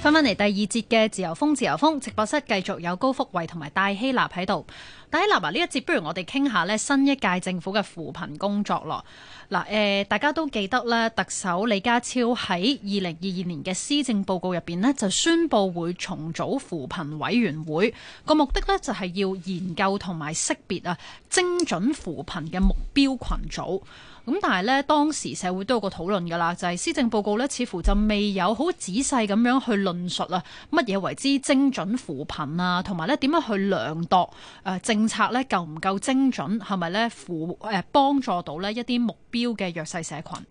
翻返嚟第二節嘅自由風，自由風直播室繼續有高福慧同埋戴希納喺度。戴希娜啊，呢一節，不如我哋傾下咧，新一屆政府嘅扶貧工作咯。嗱，誒，大家都記得咧，特首李家超喺二零二二年嘅施政報告入邊咧，就宣佈會重組扶貧委員會，個目的呢就係要研究同埋識別啊精準扶貧嘅目標群組。咁但係咧，當時社會都有個討論㗎啦，就係、是、施政報告咧，似乎就未有好仔細咁樣去論述啊，乜嘢為之精準扶貧啊，同埋咧點樣去量度誒、呃、政策咧夠唔夠精準係咪咧扶誒幫助到咧一啲目標嘅弱勢社群？咁、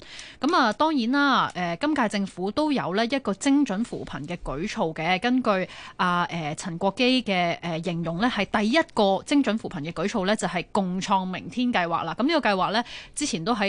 嗯、啊、呃，當然啦，誒、呃、今屆政府都有咧一個精準扶貧嘅舉措嘅。根據啊誒陳國基嘅誒、呃、形容咧，係第一個精準扶貧嘅舉措咧，就係、是、共創明天計劃啦。咁、嗯、這個、呢個計劃咧，之前都喺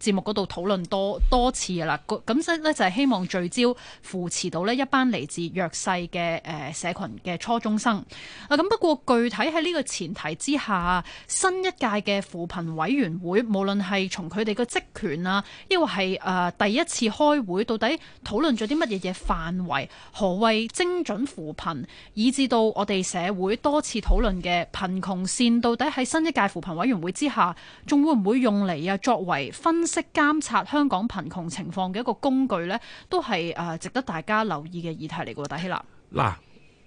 節目嗰度討論多多次啦，咁即咧就係希望聚焦扶持到呢一班嚟自弱勢嘅誒社群嘅初中生。啊，咁不過具體喺呢個前提之下，新一屆嘅扶貧委員會，無論係從佢哋嘅職權啊，亦或係誒第一次開會，到底討論咗啲乜嘢嘢範圍，何謂精準扶貧，以至到我哋社會多次討論嘅貧窮線，到底喺新一屆扶貧委員會之下，仲會唔會用嚟啊作為分析？識監察香港貧窮情況嘅一個工具呢，都係誒值得大家留意嘅議題嚟嘅。大希南嗱，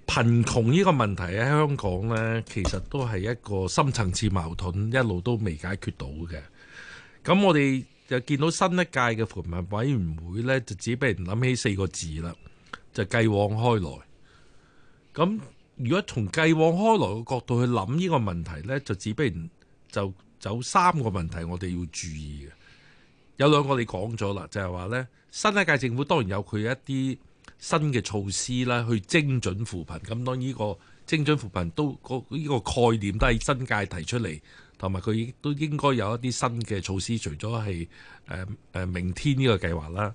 貧窮呢個問題喺香港呢，其實都係一個深層次矛盾，一路都未解決到嘅。咁我哋就見到新一屆嘅扶貧委員會呢，就只俾人諗起四個字啦，就繼往開來。咁如果從繼往開來嘅角度去諗呢個問題呢，就只俾人就走三個問題，我哋要注意嘅。有兩個你講咗啦，就係話呢新一屆政府當然有佢一啲新嘅措施啦，去精準扶貧。咁當然呢個精準扶貧都呢個概念都係新界提出嚟，同埋佢都應該有一啲新嘅措施，除咗係誒誒明天呢個計劃啦。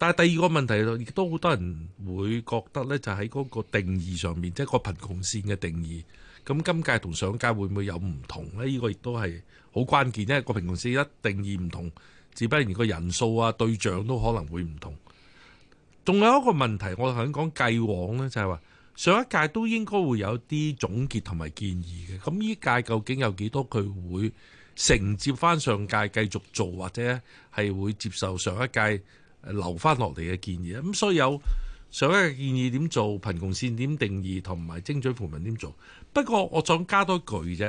但係第二個問題，亦都好多人會覺得呢就喺嗰個定義上面，即係個貧窮線嘅定義。咁今屆同上屆會唔會有唔同呢？呢個亦都係好關鍵，因為個貧窮線一定義唔同，自不然個人數啊，對象都可能會唔同，仲有一個問題，我想講繼往呢就係話上一屆都應該會有啲總結同埋建議嘅。咁呢屆究竟有幾多佢會承接翻上屆繼續做，或者係會接受上一屆留翻落嚟嘅建議？咁所以有上一屆建議點做貧窮線、點定義同埋精準扶貧點做。不過我想加多句啫，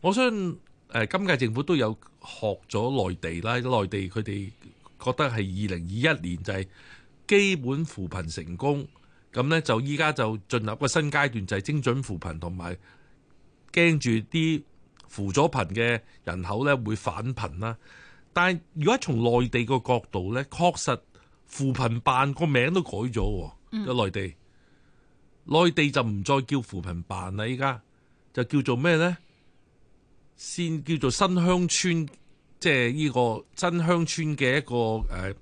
我相信。誒，今屆政府都有學咗內地啦，內地佢哋覺得係二零二一年就係基本扶貧成功，咁呢，就依家就進入個新階段，就係精準扶貧同埋驚住啲扶咗貧嘅人口呢會返貧啦。但係如果從內地個角度呢，確實扶貧辦個名都改咗喎，喺內地，內地就唔再叫扶貧辦啦，依家就叫做咩呢？先叫做新鄉村，即係呢個新鄉村嘅一個誒、呃、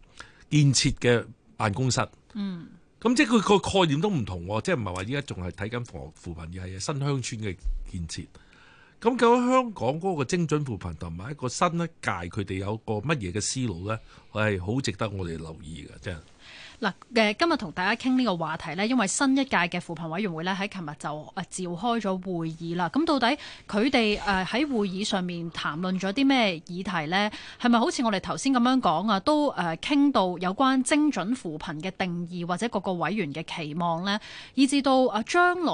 建設嘅辦公室。嗯，咁即係佢個概念都唔同，即係唔係話依家仲係睇緊扶貧，而係新鄉村嘅建設。咁究竟香港嗰個精準扶貧同埋一個新一屆佢哋有個乜嘢嘅思路咧？係好值得我哋留意嘅，真。嗱，今日同大家傾呢個話題咧，因為新一屆嘅扶貧委員會咧喺琴日就誒召開咗會議啦。咁到底佢哋誒喺會議上面談論咗啲咩議題咧？係咪好似我哋頭先咁樣講啊？都誒傾到有關精準扶貧嘅定義或者各個委員嘅期望咧，以至到啊將來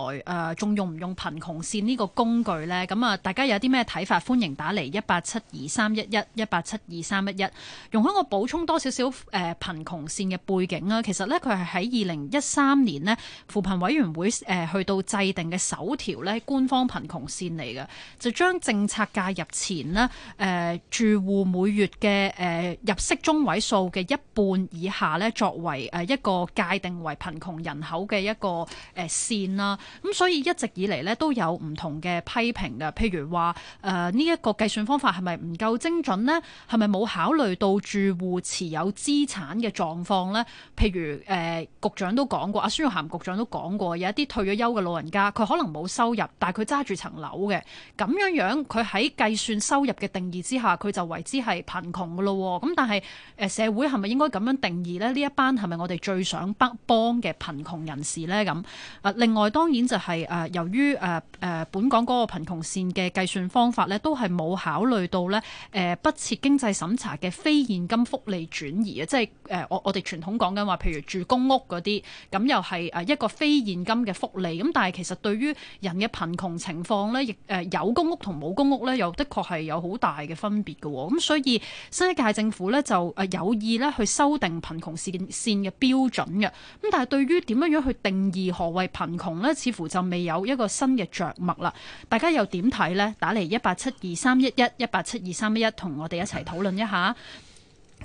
誒仲用唔用貧窮線呢個工具咧？咁啊，大家有啲咩睇法？歡迎打嚟，一八七二三一一一八七二三一一，容許,我補充多少少誒貧窮線嘅背景啊！其實咧，佢係喺二零一三年呢，扶貧委員會誒去到制定嘅首條咧官方貧窮線嚟嘅，就將政策介入前呢，誒、呃、住戶每月嘅誒、呃、入息中位數嘅一半以下咧，作為誒一個界定為貧窮人口嘅一個誒線啦。咁所以一直以嚟咧都有唔同嘅批評嘅，譬如話誒呢一個計算方法係咪唔夠精準呢？係咪冇考慮到住戶持有資產嘅狀況呢？譬如誒、呃、局長都講過，阿孫玉菡局長都講過，有一啲退咗休嘅老人家，佢可能冇收入，但係佢揸住層樓嘅，咁樣樣佢喺計算收入嘅定義之下，佢就為之係貧窮噶咯。咁但係誒、呃、社會係咪應該咁樣定義咧？呢一班係咪我哋最想幫幫嘅貧窮人士咧？咁啊、呃，另外當然就係、是、誒、呃、由於誒誒、呃呃、本港嗰個貧窮線嘅計算方法咧，都係冇考慮到咧誒、呃、不設經濟審查嘅非現金福利轉移啊，即係誒、呃、我我哋傳統講緊話。譬如住公屋嗰啲，咁又係誒一個非現金嘅福利，咁但係其實對於人嘅貧窮情況咧，亦誒有公屋同冇公屋咧，又的確係有好大嘅分別嘅。咁所以新一屆政府咧就誒有意咧去修訂貧窮線線嘅標準嘅。咁但係對於點樣樣去定義何謂貧窮咧，似乎就未有一個新嘅着墨啦。大家又點睇咧？打嚟一八七二三一一，一八七二三一一同我哋一齊討論一下。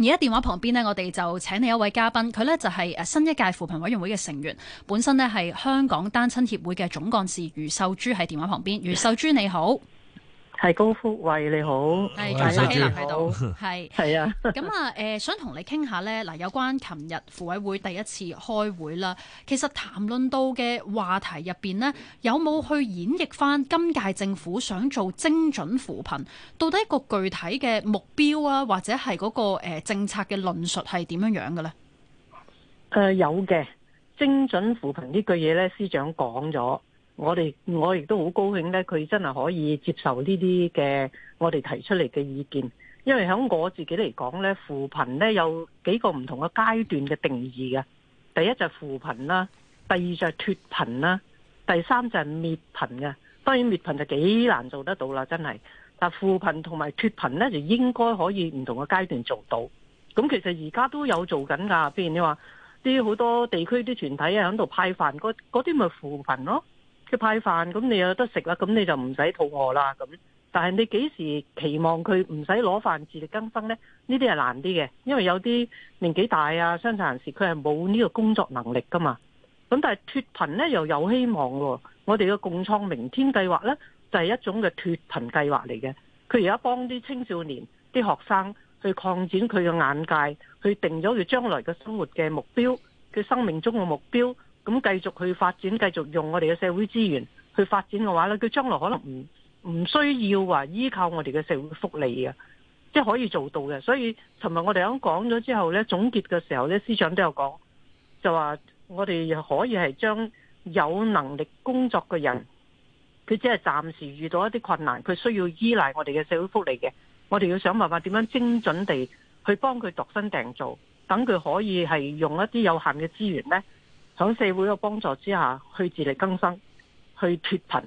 而喺電話旁邊呢，我哋就請你一位嘉賓，佢呢就係誒新一屆扶貧委員會嘅成員，本身呢係香港單親協會嘅總幹事余秀珠喺電話旁邊。余秀珠你好。係高福慧你好，係戴希南喺度，係好是是啊，咁 啊，誒、呃，想同你傾下呢，嗱，有關琴日扶委會第一次開會啦，其實談論到嘅話題入邊呢，有冇去演繹翻今屆政府想做精準扶貧，到底一個具體嘅目標啊，或者係嗰個誒政策嘅論述係點樣樣嘅呢？誒、呃，有嘅，精準扶貧呢句嘢呢，司長講咗。我哋我亦都好高興咧，佢真係可以接受呢啲嘅我哋提出嚟嘅意見，因為喺我自己嚟講咧，扶貧咧有幾個唔同嘅階段嘅定義嘅。第一就係扶貧啦，第二就係脫貧啦，第三就係滅貧嘅。當然滅貧就幾難做得到啦，真係。但扶貧同埋脫貧咧就應該可以唔同嘅階段做到。咁其實而家都有做緊噶，譬如你話啲好多地區啲團體啊喺度派飯，嗰嗰啲咪扶貧咯。佢派飯，咁你有得食啦，咁你就唔使肚餓啦。咁，但係你幾時期望佢唔使攞飯自力更生呢？呢啲係難啲嘅，因為有啲年紀大啊、傷殘人士，佢係冇呢個工作能力噶嘛。咁但係脫貧呢，又有希望喎。我哋嘅共創明天計劃呢，就係一種嘅脫貧計劃嚟嘅。佢而家幫啲青少年、啲學生去擴展佢嘅眼界，去定咗佢將來嘅生活嘅目標，佢生命中嘅目標。咁繼續去發展，繼續用我哋嘅社會資源去發展嘅話咧，佢將來可能唔唔需要話依靠我哋嘅社會福利嘅，即係可以做到嘅。所以尋日我哋啱講咗之後咧，總結嘅時候咧，司長都有講，就話我哋可以係將有能力工作嘅人，佢只係暫時遇到一啲困難，佢需要依賴我哋嘅社會福利嘅，我哋要想辦法點樣精準地去幫佢度身訂造，等佢可以係用一啲有限嘅資源咧。喺社會嘅幫助之下，去自力更生，去脫貧。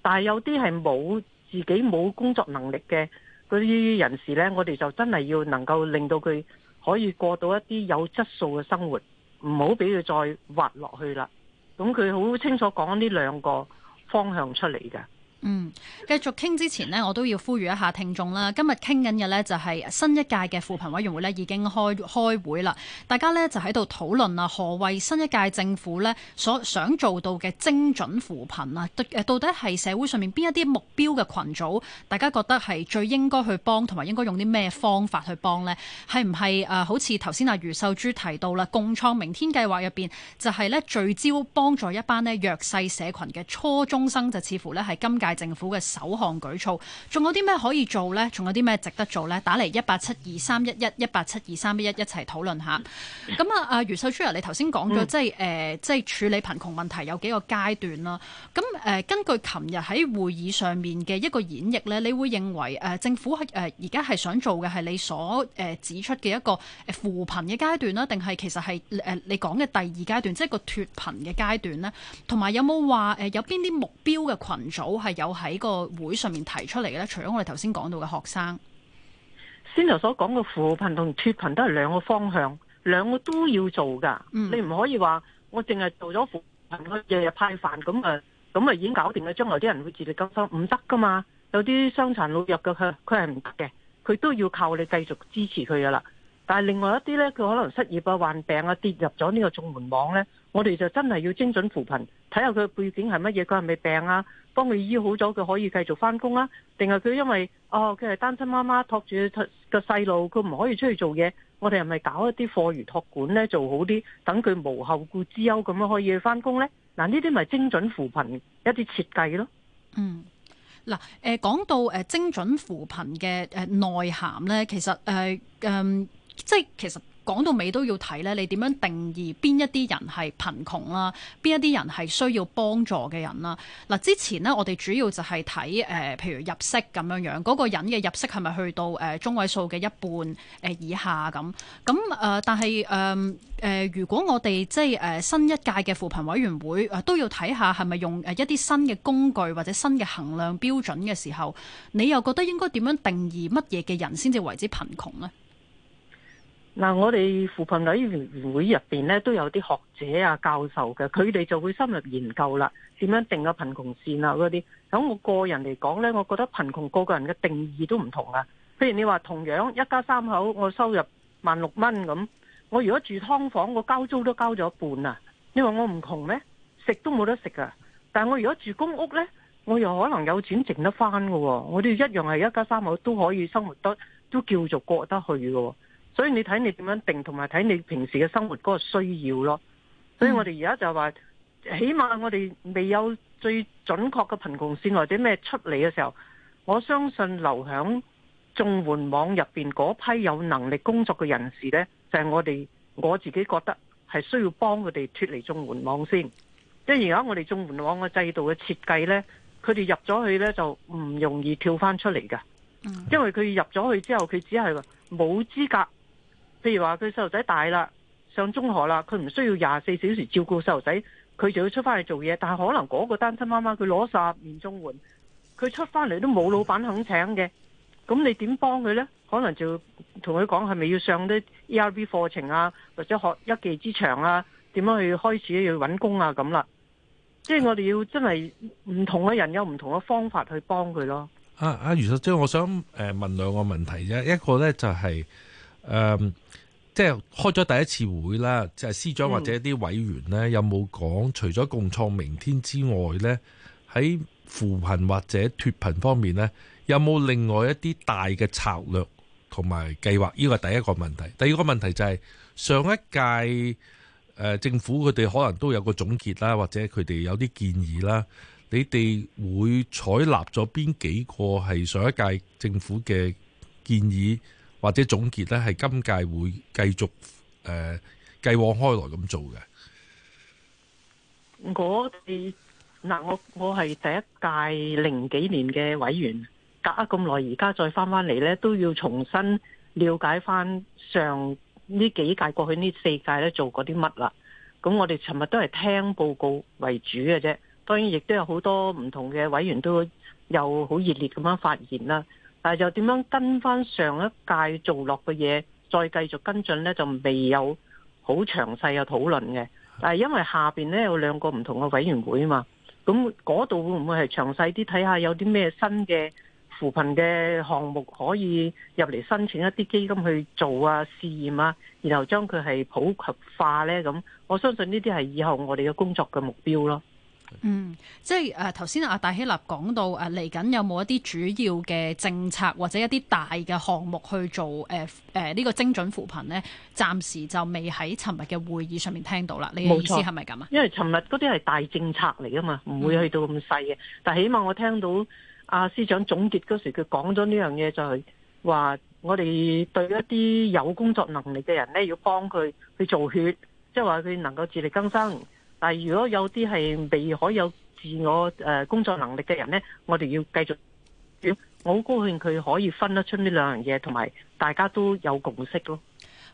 但係有啲係冇自己冇工作能力嘅啲人士呢，我哋就真係要能夠令到佢可以過到一啲有質素嘅生活，唔好俾佢再滑落去啦。咁佢好清楚講呢兩個方向出嚟嘅。嗯，繼續傾之前呢，我都要呼籲一下聽眾啦。今日傾緊嘅呢，就係新一屆嘅扶貧委員會呢已經開開會啦。大家呢，就喺度討論啊，何謂新一屆政府呢所想做到嘅精準扶貧啊？到底係社會上面邊一啲目標嘅群組？大家覺得係最應該去幫，同埋應該用啲咩方法去幫呢？係唔係誒好似頭先阿余秀珠提到啦，共創明天計劃入邊就係呢聚焦幫助一班呢弱勢社群嘅初中生，就似乎呢係今屆。政府嘅首項舉措，仲有啲咩可以做呢？仲有啲咩值得做呢？打嚟，一八七二三一一，一八七二三一一，一齊討論下。咁啊，阿余秀珠、啊、你頭先講咗，即係誒、呃，即係處理貧窮問題有幾個階段啦。咁誒、呃，根據琴日喺會議上面嘅一個演繹呢，你會認為誒、呃，政府係誒而家係想做嘅係你所誒、呃、指出嘅一個扶貧嘅階段啦，定係其實係誒、呃、你講嘅第二階段，即係個脫貧嘅階段呢？同埋有冇話誒有邊啲目標嘅群組係有喺個會上面提出嚟嘅咧，除咗我哋頭先講到嘅學生，先頭所講嘅扶貧同脱貧都係兩個方向，兩個都要做噶。嗯、你唔可以話我淨係做咗扶貧，佢日日派飯咁啊，咁啊已經搞掂啦。將來啲人會自力更生，唔得噶嘛。有啲傷殘老弱嘅佢佢係唔得嘅，佢都要靠你繼續支持佢噶啦。但係另外一啲咧，佢可能失業啊、患病啊、跌入咗呢個綜援網咧，我哋就真係要精準扶貧，睇下佢背景係乜嘢，佢係咪病啊？幫佢醫好咗，佢可以繼續翻工啦。定係佢因為哦，佢係單親媽媽，托住個細路，佢唔可以出去做嘢。我哋係咪搞一啲課餘託管呢，做好啲，等佢無後顧之憂，咁樣可以翻工呢？嗱，呢啲咪精準扶貧一啲設計咯。嗯，嗱，誒，講到誒精準扶貧嘅誒內涵呢，其實誒、呃，嗯，即係其實。講到尾都要睇咧，你點樣定義邊一啲人係貧窮啦？邊一啲人係需要幫助嘅人啦？嗱，之前呢，我哋主要就係睇誒，譬如入息咁樣樣，嗰、那個人嘅入息係咪去到誒中位數嘅一半誒以下咁？咁誒、呃，但係誒誒，如果我哋即係誒新一屆嘅扶貧委員會都要睇下係咪用誒一啲新嘅工具或者新嘅衡量標準嘅時候，你又覺得應該點樣定義乜嘢嘅人先至為之貧窮呢？嗱、啊，我哋扶貧委員會入邊咧都有啲學者啊、教授嘅，佢哋就會深入研究啦，點樣定個貧窮線啊嗰啲。咁我個人嚟講咧，我覺得貧窮個個人嘅定義都唔同啊。譬如你話同樣一家三口，我收入萬六蚊咁，我如果住劏房，我交租都交咗一半呀、啊。你話我唔窮咩？食都冇得食呀、啊。但係我如果住公屋咧，我又可能有錢剩得翻噶、啊。我哋一樣係一家三口都可以生活得，都叫做過得去噶、啊。所以你睇你點樣定，同埋睇你平時嘅生活嗰個需要咯。所以我哋而家就話，起碼我哋未有最準確嘅貧窮線或者咩出嚟嘅時候，我相信留響綜援網入邊嗰批有能力工作嘅人士咧，就係、是、我哋我自己覺得係需要幫佢哋脫離綜援網先。因為而家我哋綜援網嘅制度嘅設計咧，佢哋入咗去咧就唔容易跳翻出嚟噶。因為佢入咗去之後，佢只係話冇資格。譬如話佢細路仔大啦，上中學啦，佢唔需要廿四小時照顧細路仔，佢就要出翻嚟做嘢。但係可能嗰個單親媽媽佢攞咗十年綜援，佢出翻嚟都冇老闆肯請嘅，咁你點幫佢呢？可能就同佢講係咪要上啲 E R B 課程啊，或者學一技之長啊，點樣去開始要揾工啊咁啦。啊、即係我哋要真係唔同嘅人有唔同嘅方法去幫佢咯。阿阿、啊、余秀珠，即係我想誒、呃、問兩個問題啫，一個呢就係、是。誒、嗯，即係開咗第一次會啦，即係司長或者啲委員呢，有冇講除咗共創明天之外呢？喺扶貧或者脱貧方面呢，有冇另外一啲大嘅策略同埋計劃？呢個係第一個問題。第二個問題就係、是、上一屆政府佢哋可能都有個總結啦，或者佢哋有啲建議啦。你哋會採納咗邊幾個係上一屆政府嘅建議？或者總結咧，係今屆會繼續誒繼往開來咁做嘅。我哋嗱，我我係第一屆零幾年嘅委員，隔咗咁耐，而家再翻翻嚟咧，都要重新瞭解翻上呢幾屆過去呢四屆咧做過啲乜啦。咁我哋尋日都係聽報告為主嘅啫，當然亦都有好多唔同嘅委員都有好熱烈咁樣發言啦。但係又點樣跟翻上一屆做落嘅嘢，再繼續跟進呢？就未有好詳細嘅討論嘅。但係因為下邊咧有兩個唔同嘅委員會啊嘛，咁嗰度會唔會係詳細啲睇下有啲咩新嘅扶貧嘅項目可以入嚟申請一啲基金去做啊試驗啊，然後將佢係普及化呢？咁我相信呢啲係以後我哋嘅工作嘅目標咯。嗯，即係誒，頭、啊、先阿大希立講到誒，嚟、啊、緊有冇一啲主要嘅政策或者一啲大嘅項目去做誒誒呢個精準扶貧咧？暫時就未喺尋日嘅會議上面聽到啦。你意思係咪咁啊？因為尋日嗰啲係大政策嚟啊嘛，唔會去到咁細嘅。嗯、但係起碼我聽到阿、啊、司長總結嗰時，佢講咗呢樣嘢就係、是、話，我哋對一啲有工作能力嘅人咧，要幫佢去做血，即係話佢能夠自力更生。但係如果有啲係未可以有自我誒工作能力嘅人咧，我哋要繼續。我好高興佢可以分得出呢兩樣嘢，同埋大家都有共識咯。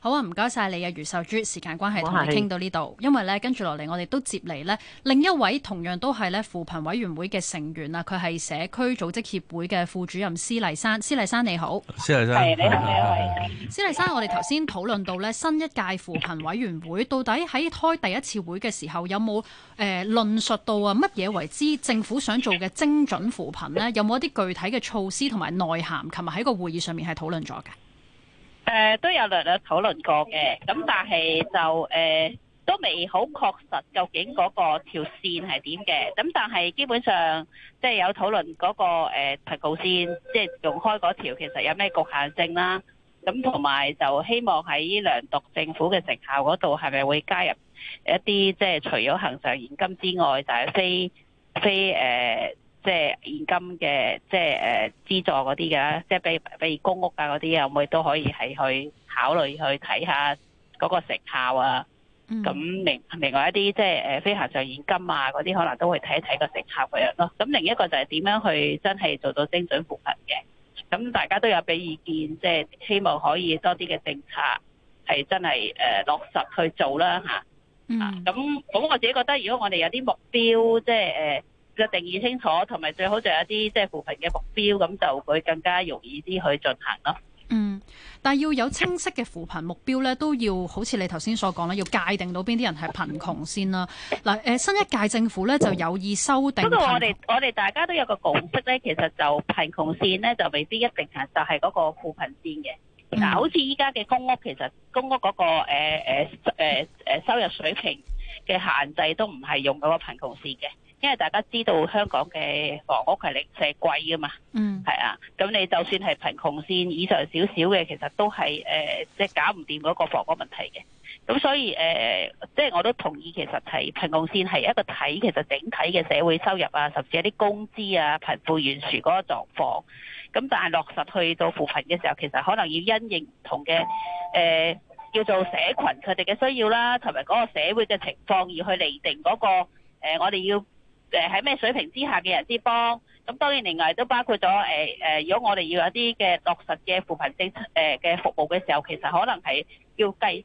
好啊，唔該晒你啊，余秀珠。時間關係同你傾到呢度，因為咧跟住落嚟，我哋都接嚟咧另一位同樣都係咧扶貧委員會嘅成員啦。佢係社區組織協會嘅副主任施麗珊。施麗珊你好，施麗珊係你好你好。施麗珊，我哋頭先討論到咧新一屆扶貧委員會 到底喺開第一次會嘅時候有冇誒論述到啊乜嘢，為之政府想做嘅精準扶貧咧？有冇一啲具體嘅措施同埋內涵？琴日喺個會議上面係討論咗嘅。誒都有略略討論過嘅，咁但係就誒、呃、都未好確實究竟嗰個條線係點嘅，咁但係基本上即係、就是、有討論嗰、那個貧窮線，即、就、係、是、用開嗰條，其實有咩局限性啦？咁同埋就希望喺量度政府嘅成效嗰度，係咪會加入一啲即係除咗恆常現金之外，就係、是、非非誒。呃即係現金嘅，即係誒資助嗰啲嘅，即係比比如公屋啊嗰啲啊，會都可以係去考慮去睇下嗰個成效啊。咁另、mm hmm. 另外一啲即係誒飛行上現金啊嗰啲，可能都會睇一睇個成效咁樣咯。咁另一個就係點樣去真係做到精準扶貧嘅。咁大家都有俾意見，即係希望可以多啲嘅政策係真係誒落實去做啦吓。咁咁、mm hmm. 我自己覺得，如果我哋有啲目標，即係誒。嘅定義清楚，同埋最好就有一啲即係扶貧嘅目標，咁就會更加容易啲去進行咯。嗯，但係要有清晰嘅扶貧目標咧，都要好似你頭先所講啦，要界定到邊啲人係貧窮先啦。嗱，誒新一屆政府咧就有意修訂。不過，我哋我哋大家都有一個共識咧，其實就貧窮線咧就未必一定係就係、是、嗰個扶貧線嘅嗱，好似依家嘅公屋，其實公屋嗰、那個誒誒誒收入水平嘅限制都唔係用嗰個貧窮線嘅。因為大家知道香港嘅房屋係零舍貴噶嘛，係、嗯、啊，咁你就算係貧窮線以上少少嘅，其實都係誒即係搞唔掂嗰個房屋的問題嘅。咁所以誒即係我都同意，其實係貧窮線係一個睇其實整體嘅社會收入啊，甚至一啲工資啊，貧富懸殊嗰個狀況。咁但係落實去到扶貧嘅時候，其實可能要因應唔同嘅誒、呃、叫做社群佢哋嘅需要啦，同埋嗰個社會嘅情況而去釐定嗰、那個誒、呃、我哋要。誒喺咩水平之下嘅人先幫，咁當然另外都包括咗誒誒，如果我哋要有啲嘅落實嘅扶貧政策誒嘅服務嘅時候，其實可能係要計誒，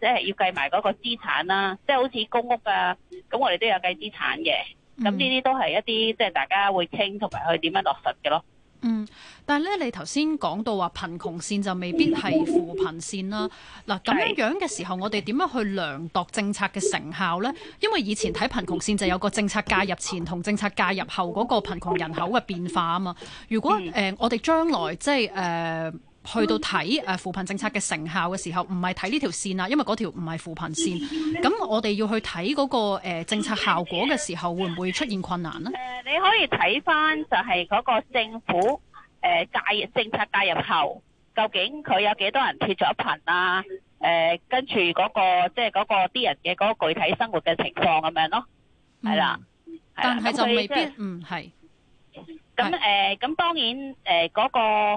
即係要計埋嗰個資產啦，即係好似公屋啊，咁我哋都有計資產嘅，咁呢啲都係一啲即係大家會傾同埋去點樣落實嘅咯。嗯，但係咧，你頭先講到話貧窮線就未必係扶貧線啦。嗱，咁樣嘅時候，我哋點樣去量度政策嘅成效呢？因為以前睇貧窮線就有個政策介入前同政策介入後嗰個貧窮人口嘅變化啊嘛。如果誒、呃，我哋將來即係誒。呃去到睇誒扶貧政策嘅成效嘅時候，唔係睇呢條線啊，因為嗰條唔係扶貧線。咁我哋要去睇嗰、那個誒、呃、政策效果嘅時候，會唔會出現困難呢？誒、呃、你可以睇翻就係嗰個政府誒介、呃、政策介入後，究竟佢有幾多少人脱咗貧啊？誒、呃、跟住嗰、那個即係嗰個啲人嘅嗰個具體生活嘅情況咁樣咯，係、嗯、啦，但係就未必那、就是、嗯係咁誒咁當然誒嗰、呃那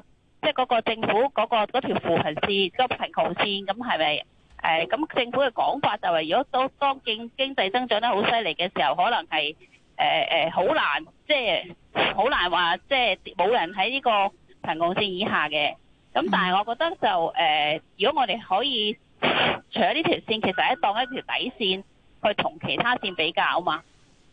個。即係嗰個政府嗰條扶貧線、嗰條貧窮線咁係咪？誒咁政府嘅講法就係，如果當當經經濟增長得好犀利嘅時候，可能係誒誒好難，即係好難話，即係冇人喺呢個貧窮線以下嘅。咁但係我覺得就誒，如果我哋可以除咗呢條線，其實係當一條底線去同其他線比較啊嘛。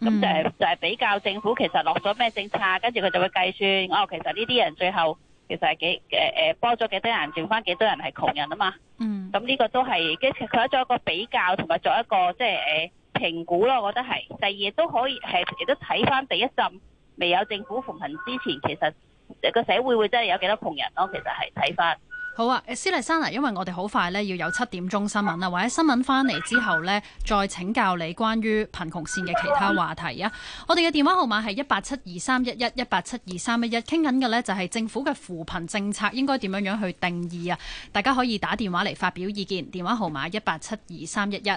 咁就係就係比較政府其實落咗咩政策，跟住佢就會計算哦。其實呢啲人最後。其實係幾誒誒，幫咗幾多人，剩翻幾多人係窮人啊嘛。嗯，咁呢個都係即係佢做咗一個比較，同埋作一個即係誒評估咯。我覺得係第二，都可以係亦都睇翻第一陣未有政府扶貧之前，其實個社會會真係有幾多窮人咯。其實係睇翻。好啊，施麗珊啊，因為我哋好快咧要有七點鐘新聞啦，或者新聞翻嚟之後咧，再請教你關於貧窮線嘅其他話題啊。我哋嘅電話號碼係一八七二三一一，一八七二三一一，傾緊嘅咧就係政府嘅扶貧政策應該點樣樣去定義啊？大家可以打電話嚟發表意見，電話號碼一八七二三一一。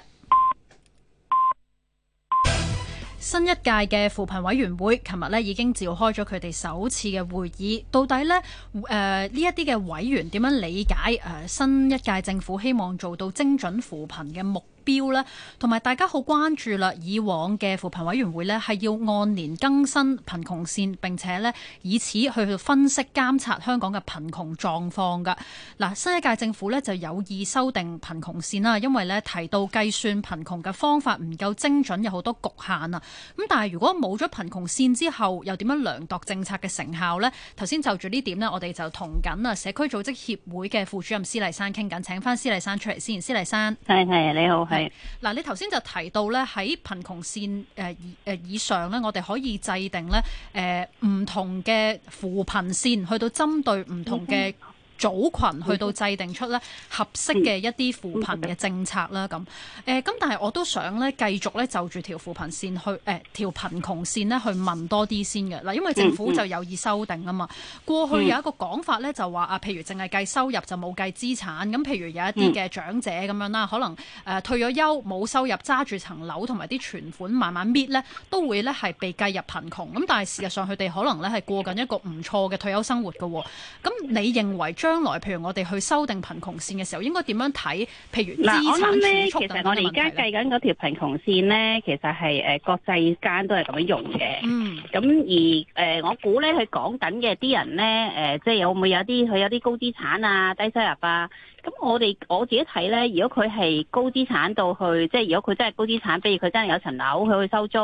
新一屆嘅扶貧委員會，琴日咧已經召開咗佢哋首次嘅會議。到底咧，誒呢一啲嘅委員點樣理解誒、呃、新一屆政府希望做到精準扶貧嘅目的？標咧，同埋大家好關注啦。以往嘅扶貧委員會咧，係要按年更新貧窮線，並且咧以此去分析監察香港嘅貧窮狀況㗎。嗱，新一屆政府咧就有意修訂貧窮線啦，因為咧提到計算貧窮嘅方法唔夠精準，有好多局限啊。咁但係如果冇咗貧窮線之後，又點樣量度政策嘅成效呢？頭先就住呢點咧，我哋就同緊啊社區組織協會嘅副主任施麗珊傾緊。請返施麗珊出嚟先，施麗珊。係係，你好。嗱、嗯，你頭先就提到咧，喺貧窮線誒以上咧，我哋可以制定咧誒唔同嘅扶貧線，去到針對唔同嘅組群去到制定出咧合適嘅一啲扶貧嘅政策啦，咁誒咁，但係我都想咧繼續咧就住條扶貧線去誒、呃、條貧窮線呢，去問多啲先嘅嗱，因為政府就有意修訂啊嘛。過去有一個講法咧就話啊，譬如淨係計收入就冇計資產，咁譬如有一啲嘅長者咁樣啦，可能誒、呃、退咗休冇收入，揸住層樓同埋啲存款慢慢搣咧，都會咧係被計入貧窮。咁但係事實上佢哋可能咧係過緊一個唔錯嘅退休生活㗎喎。咁你認為將將來譬如我哋去修訂貧窮線嘅時候，應該點樣睇？譬如資產儲蓄等等嘅問題咧。嗱，我諗咧，其實我哋而家計緊嗰條貧窮線咧，其實係誒國際間都係咁樣用嘅。嗯。咁而誒、呃，我估咧，佢講緊嘅啲人咧，誒、呃，即係有冇有啲佢有啲高資產啊，低收入啊？咁我哋我自己睇咧，如果佢係高資產到去，即係如果佢真係高資產，比如佢真係有層樓，佢去收租，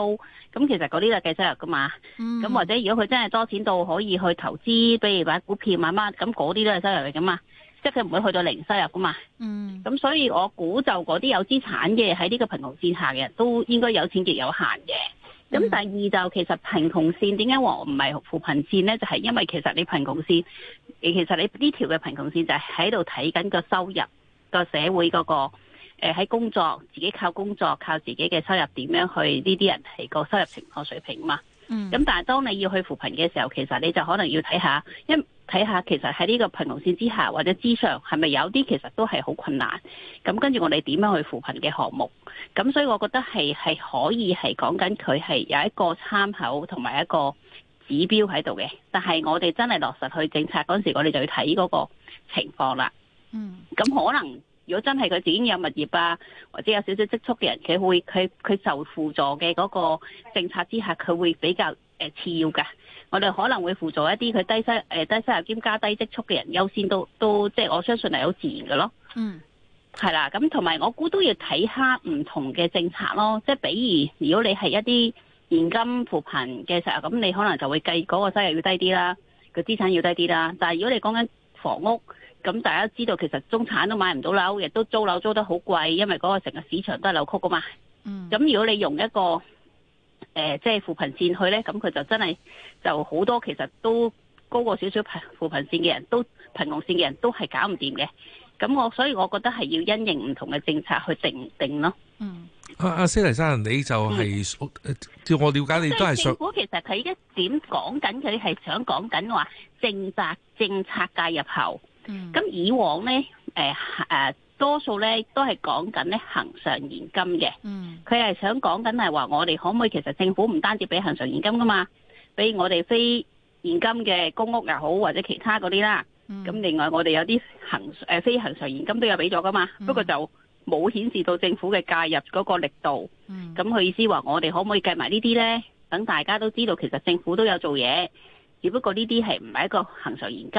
咁其實嗰啲都係計收入噶嘛。咁、嗯、或者如果佢真係多錢到可以去投資，比如買股票等等、買乜，咁嗰啲都係收入嚟噶嘛。即係佢唔會去到零收入噶嘛。咁、嗯、所以，我估就嗰啲有資產嘅喺呢個貧窮線下嘅人都應該有錢極有限嘅。咁第二就是嗯、其實貧窮線點解話我唔係扶貧線咧？就係、是、因為其實你貧窮線。其實你呢條嘅貧窮線就係喺度睇緊個收入個社會嗰、那個誒喺、呃、工作自己靠工作靠自己嘅收入點樣去呢啲人係個收入情況水平嘛？嗯，咁但係當你要去扶貧嘅時候，其實你就可能要睇下因為睇一睇下其實喺呢個貧窮線之下或者之上係咪有啲其實都係好困難？咁跟住我哋點樣去扶貧嘅項目？咁所以我覺得係係可以係講緊佢係有一個參考同埋一個。指標喺度嘅，但係我哋真係落實去政策嗰時，我哋就要睇嗰個情況啦。嗯，咁可能如果真係佢自己有物業啊，或者有少少積蓄嘅人，佢會佢佢受輔助嘅嗰個政策之下，佢會比較誒、呃、次要噶。我哋可能會輔助一啲佢低薪誒、呃、低收入兼加低積蓄嘅人優先都都即係我相信係好自然噶咯。嗯，係啦，咁同埋我估都要睇下唔同嘅政策咯。即係比如如果你係一啲。現金扶貧嘅時候，咁你可能就會計嗰個收入要低啲啦，個資產要低啲啦。但係如果你講緊房屋，咁大家知道其實中產都買唔到樓，亦都租樓租得好貴，因為嗰個成個市場都係扭曲噶嘛。咁、嗯、如果你用一個即係、呃即係、扶貧線去呢，咁佢就真係就好多其實都高過少少扶貧線嘅人，人都貧窮線嘅人都係搞唔掂嘅。咁我所以我覺得係要因應唔同嘅政策去定定咯。嗯。阿阿施麗珊，你就係，照我了解你都係想。政府其實佢而家點講緊，佢係想講緊話，政策政策介入後。咁以往呢，誒誒，多數呢都係講緊呢恆常現金嘅。佢係想講緊係話，我哋可唔可以其實政府唔單止俾恆常現金噶嘛？比如我哋非現金嘅公屋又好，或者其他嗰啲啦。咁另外我哋有啲恆誒非恆常現金都有俾咗噶嘛？不過就。冇顯示到政府嘅介入嗰個力度，咁佢、嗯、意思話我哋可唔可以計埋呢啲呢？等大家都知道其實政府都有做嘢，只不過呢啲係唔係一個恆常現金？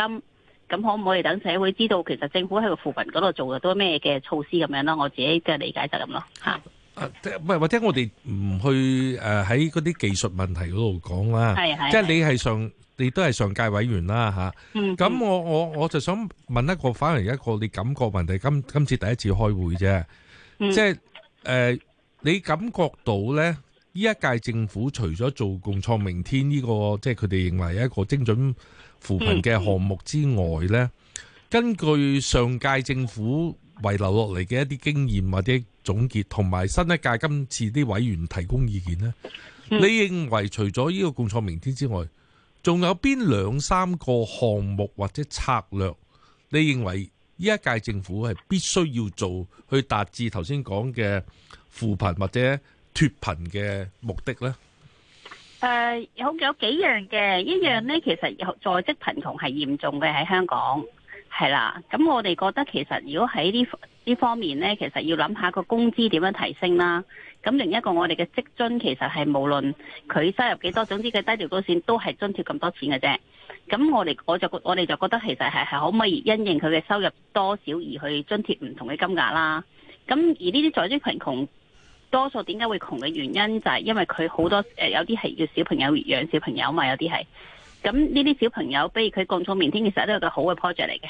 咁可唔可以等社會知道其實政府喺個扶貧嗰度做嘅都咩嘅措施咁樣咯？我自己嘅理解就咁咯嚇。誒、啊，唔係、啊、或者我哋唔去誒喺嗰啲技術問題嗰度講啦，即係你係上。你都係上屆委員啦，嚇咁、嗯、我我我就想問一個，反而一個你感覺問題，今今次第一次開會啫，即係誒你感覺到呢呢一屆政府除咗做共創明天呢個，即係佢哋認為一個精準扶貧嘅項目之外咧，嗯、根據上屆政府遺留落嚟嘅一啲經驗或者總結，同埋新一屆今次啲委員提供意見咧，你認為除咗呢個共創明天之外，仲有邊兩三個項目或者策略，你認為呢一屆政府係必須要做，去達至頭先講嘅扶貧或者脱貧嘅目的呢？誒、呃，有有幾樣嘅，一樣呢？其實在職貧窮係嚴重嘅喺香港。係啦，咁我哋覺得其實如果喺呢呢方面呢，其實要諗下個工資點樣提升啦。咁另一個我哋嘅職津其實係無論佢收入幾多，總之佢低調高綫都係津貼咁多錢嘅啫。咁我哋我就我哋就覺得其實係係可唔可以因應佢嘅收入多少而去津貼唔同嘅金額啦。咁而呢啲在職貧窮多數點解會窮嘅原因就係因為佢好多誒有啲係要小朋友養小朋友嘛，有啲係。咁呢啲小朋友，比如佢共創明天，其實都係個好嘅 project 嚟嘅。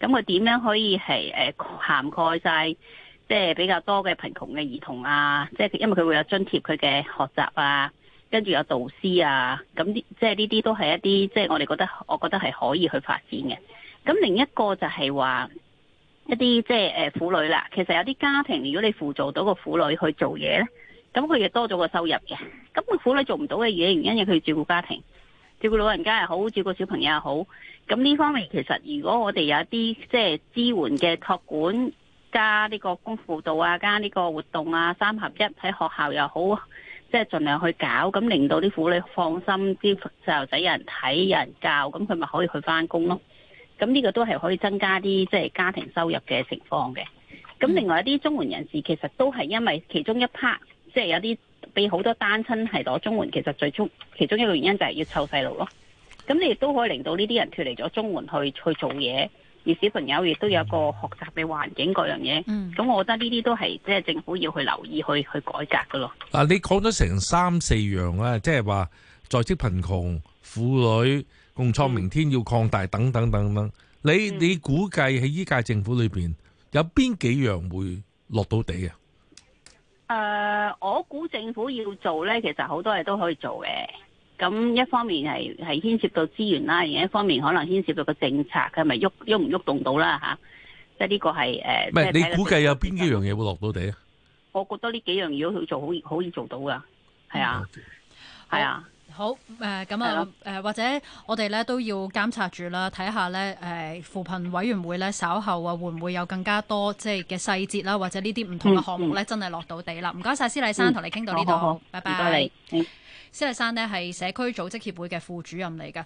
咁佢點樣可以係誒涵蓋晒，即係比較多嘅貧窮嘅兒童啊？即係因為佢會有津貼佢嘅學習啊，跟住有導師啊。咁即係呢啲都係一啲，即係我哋覺得，我覺得係可以去發展嘅。咁另一個就係話一啲即係誒婦女啦。其實有啲家庭，如果你輔助到個婦女去做嘢咧，咁佢亦多咗個收入嘅。咁個婦女做唔到嘅嘢，原因係佢照顧家庭。照顧老人家又好，照顧小朋友又好。咁呢方面其實，如果我哋有一啲即係支援嘅託管加呢個功輔導啊，加呢個活動啊，三合一喺學校又好，即係盡量去搞，咁令到啲婦女放心，啲細路仔有人睇、有人教，咁佢咪可以去返工咯。咁呢個都係可以增加啲即係家庭收入嘅情況嘅。咁另外一啲中年人士其實都係因為其中一 part，即係有啲。俾好多單親係攞綜援，其實最終其中一個原因就係要湊細路咯。咁你亦都可以令到呢啲人脱離咗綜援去去做嘢，而小朋友亦都有一個學習嘅環境各樣嘢。咁、嗯、我覺得呢啲都係即係政府要去留意去、去去改革嘅咯。嗱，你講咗成三四樣啊，即係話在職貧窮婦女共創明天要擴大等等等等。嗯、你你估計喺依屆政府裏邊有邊幾樣會落到地啊？誒，uh, 我估政府要做咧，其實好多嘢都可以做嘅。咁一方面係係牽涉到資源啦，而另一方面可能牽涉到個政策，係咪喐喐唔喐動到啦吓？即係呢個係誒。唔、呃、係是看你估計有邊幾樣嘢會落到地啊？我覺得呢幾樣嘢都去做好，可以做，好好好做到噶。係啊，係、嗯、啊。好，誒咁啊，誒的、呃、或者我哋咧都要監察住啦，睇下咧誒、呃、扶貧委員會咧稍後啊會唔會有更加多即係嘅細節啦，或者呢啲唔同嘅項目咧、嗯、真係落到地啦。唔該晒，施麗珊，同你傾到呢度，好好拜拜。唔該你，施麗珊呢係社區組織協會嘅副主任嚟㗎。